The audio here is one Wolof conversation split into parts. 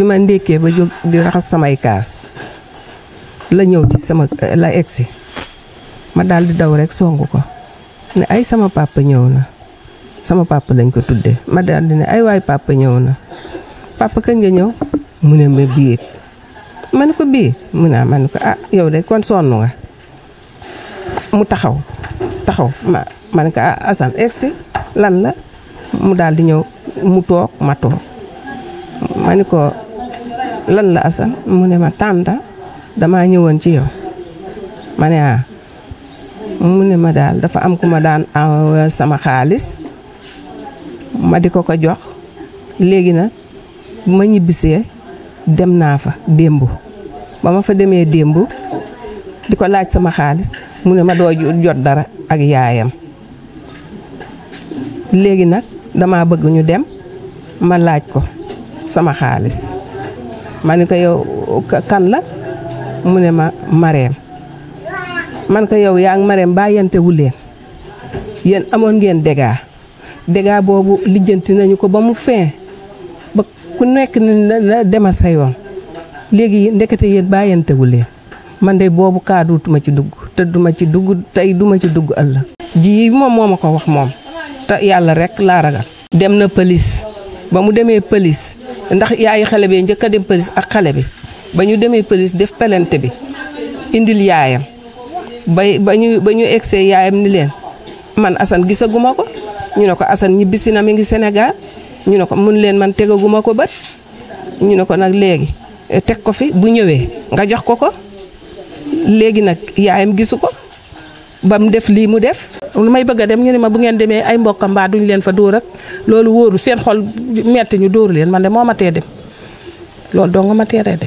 fi ma ndékkee ba jóg di raxas samay kaas la ñëw ci sama la egsi ma daldi daw rekk songu ko ne ay sama papa ñëw na sama papa lañ ko tuddee ma daal di ne ay waay papa ñëw na papa kañ nga ñëw mu ne ma biig ma ne ko bii mu ne ah, ma ne ko ah yow de kon sonn nga mu taxaw taxaw ma ma ne ko ah Assane egsi lan la mu daal di ñëw mu toog ma toog ma ne ko lan la Assane mu ne ma tànta damaa ñëwoon ci yow ma ne ah mu ne ma daal dafa am ku ma daan sama xaalis ma di ko ko jox léegi nag ma ñibbisee dem naa fa démb ba ma fa demee démb di ko laaj sama xaalis mu ne ma doo jot dara ak yaayam léegi nag dama bëgg ñu dem ma laaj ko sama xaalis ma ne ko yow kan la mu ne ma mareem man ko yow yaa ngi mareem bàyyante wu leen yéen amoon ngeen dégaa dégaa boobu lijjanti nañu ko ba mu fin ba ku nekk na demal sa yoon léegi ndekete yéen bàyyante wu leen man de boobu kaaduutuma ci dugg te duma ci dugg tey duma ci dugg ëllëg ji moom moo ma ko wax moom te yàlla rek laa ragal dem na pëlis ba mu demee pëlis ndax yaayu xale bi njëkk a dem pëlis ak xale bi ba ñu demee pëlis def pelante bi indil yaayam ba ba ñu ba ñu egsee yaayam ni leen man Assane gisaguma ko ñu ne ko Assane ñibbisi na mi ngi Sénégal ñu ne ko mun leen man tegaguma ko bët ñu ne ko nag léegi teg ko fi bu ñëwee nga jox ko ko léegi nag yaayam gisu ko. ba mu def lii mu def lu may bëgg a dem ñu ne ma bu ngeen demee ay mbokkam mbaa duñ leen fa dóor ak loolu wóoru seen xol metti ñu dóor leen man de moo ma tee dem loolu doo nga ma teeree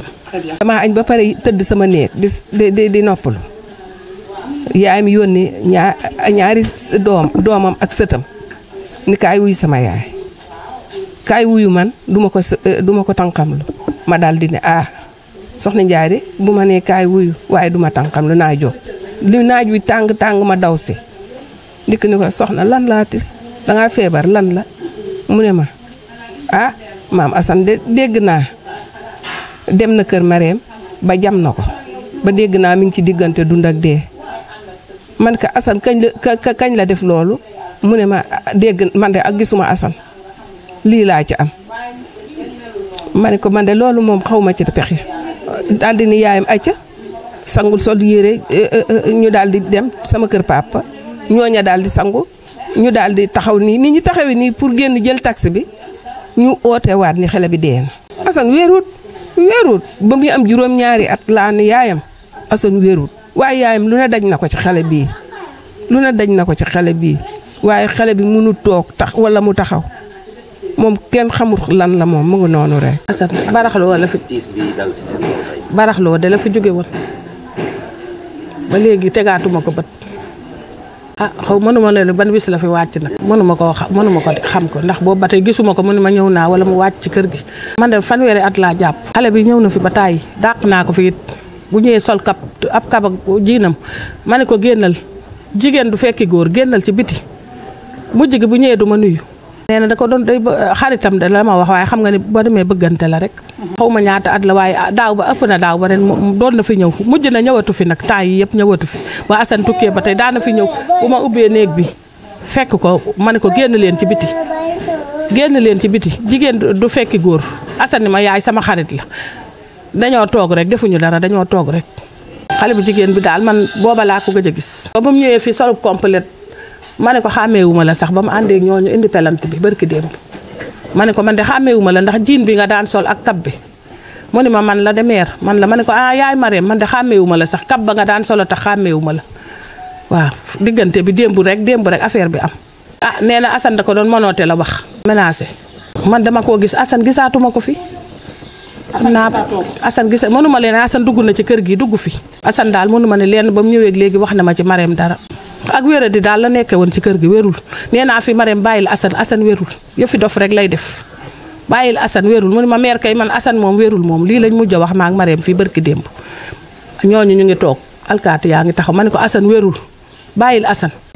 añ ba pare tëdd sama néeg di di di noppalu yaayam yónni ñaar doom doomam ak sëtam ni kaay wuy sama yaay kaay wuyu man duma ko eh, du ma ko tànqamlu ma daal di ne ah soxna Ndiaye de bu ma nee kaay wuyu waaye du ma tànqamlu naa jóg. li naaj wi tàng tàng ma daw si ndikk ni ko soxna lan laa ti dangaa feebar lan la mu ne ma a ah, maam Assane de dégg naa dem na kër Mareem ba jam na ko ba dégg naa mi ngi ci diggante dund ak dee man ka Assane kañ la kañ la def loolu mu ne ma ah, dégg man de ak gisuma Assane lii laa ci am ma ne ko man de loolu moom xawma ma ci pexe daldi di ni yaayam acca sangul sol yére e, e, e, ñu daal di dem sama kër papa ñooña daal di sangu ñu daal di taxaw nii ni ñu taxawee nii pour génn jël taxi bi ñu ootewaat ni xale bi dee na. Assane wéerut wéerut ba muy am juróom-ñaari at laa ne yaayam Assane wéerut waaye yaayam lu ne daj na ko ci xale bii lu ne daj na ko ci xale bii waaye xale bi mënu toog tax wala mu taxaw. moom kenn xamul lan la moom mu ngi noonu rek. Assane baraxloo la fi. tiis bi dal ci seen baraxloo de la fi jóge woon. ba léegi tegaatuma ko bët ah xaw mënuma leen ban bis la fi wàcc nag mënuma koo xam mënuma ko xam ko ndax boobu ba tey gisuma ko mu ne ma ñëw naa wala mu wàcc ci kër gi man de fanweeri at laa jàpp xale bi ñëw na fi ba tàyyi dàq naa ko fi it bu ñëwee sol kap ab kaba jiinam ma ne ko génnal jigéen du fekki góor génnal ci biti mujj gi bu ñëwee du ma nuyu nee na da ko doon day eh, xaritam de la ma wax waaye xam nga ni ba demee bëggante la rek mhm. xaw ma ñaata at la waaye ah, daaw ba ëpp na daaw ba ren doon na fi ñëw mujj na ñëwatu fi nag temps yi yëpp ñëwatu fi ba Assane tukkee ba tey daana fi ñëw bu ma ubbee néeg bi fekk ko ma ne ko génn leen ci biti génn leen ci biti jigéen du fekki góor Assane ma yaay sama xarit la dañoo toog rek defuñu dara dañoo toog rek xale bu jigéen bi daal man booba laa ko gëj a gis ba mu ñëwee ma ne ko xàmmeewuma la sax ba mu àndee ñooñu indi pelant bi barki démb ma ne ko man de xàmmeewuma la ndax jiin bi nga daan sol ak kab bi mu ni ma man la de meer man la ma ne ko ah yaay Marème man de xàmmeewuma la sax kab ba nga daan solo tax xàmmeewuma la waaw diggante bi démb rek démb rek affaire bi am. ah nee na Assane da ko doon mënoote a wax. menacé man dama koo gis Assane gisaatuma ko fi. Assane gisaatoo Assane gisa mënuma leen Assane dugg na ci kër gi dugg fi. Assane daal mënuma ne leen ba ñëwee léegi wax na ma ci Marème dara. ak wéra di daal la nekkee woon ci kër gi wérul nee naa fi Marème bàyyil Assane Assane wérul yëfi dof rek lay def bàyyil Assane wérul mu ne ma mère kay man Assane moom wérul moom lii lañ mujj a wax ma ak Marème fii barki démb ñooñu ñu ngi toog alkaati yaa ngi taxaw ma ne ko Assane wérul bàyyil Assane